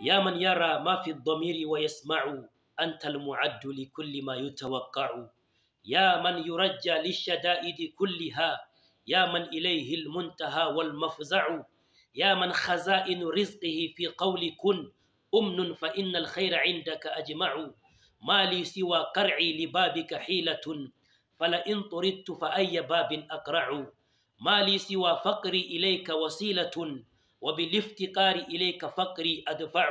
يا من يرى ما في الضمير ويسمع أنت المعد لكل ما يتوقع يا من يرجى للشدائد كلها يا من إليه المنتهى والمفزع يا من خزائن رزقه في قول كن أمن فإن الخير عندك أجمع ما لي سوى قرعي لبابك حيلة فلئن طردت فأي باب أقرع ما لي سوى فقري إليك وسيلة وبالافتقار إليك فقري أدفع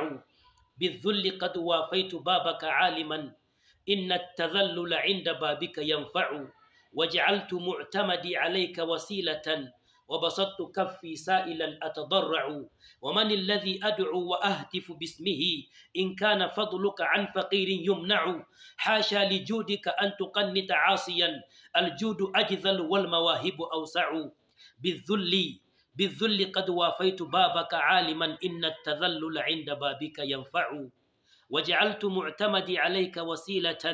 بالذل قد وافيت بابك عالما إن التذلل عند بابك ينفع وجعلت معتمدي عليك وسيلة وبسطت كفي سائلا أتضرع ومن الذي أدعو وأهتف باسمه إن كان فضلك عن فقير يمنع حاشا لجودك أن تقنت عاصيا الجود أجذل والمواهب أوسع بالذل بالذل قد وافيت بابك عالما إن التذلل عند بابك ينفع وجعلت معتمدي عليك وسيلة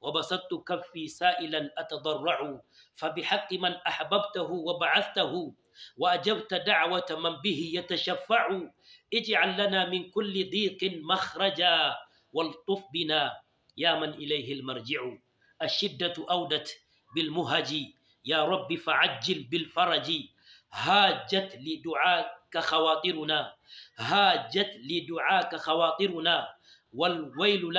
وبسطت كفي سائلا أتضرع فبحق من أحببته وبعثته وأجبت دعوة من به يتشفع اجعل لنا من كل ضيق مخرجا والطف بنا يا من إليه المرجع الشدة أودت بالمهج يا رب فعجل بالفرج هاجت لدعاك خواطرنا هاجت لدعاك خواطرنا والويل لنا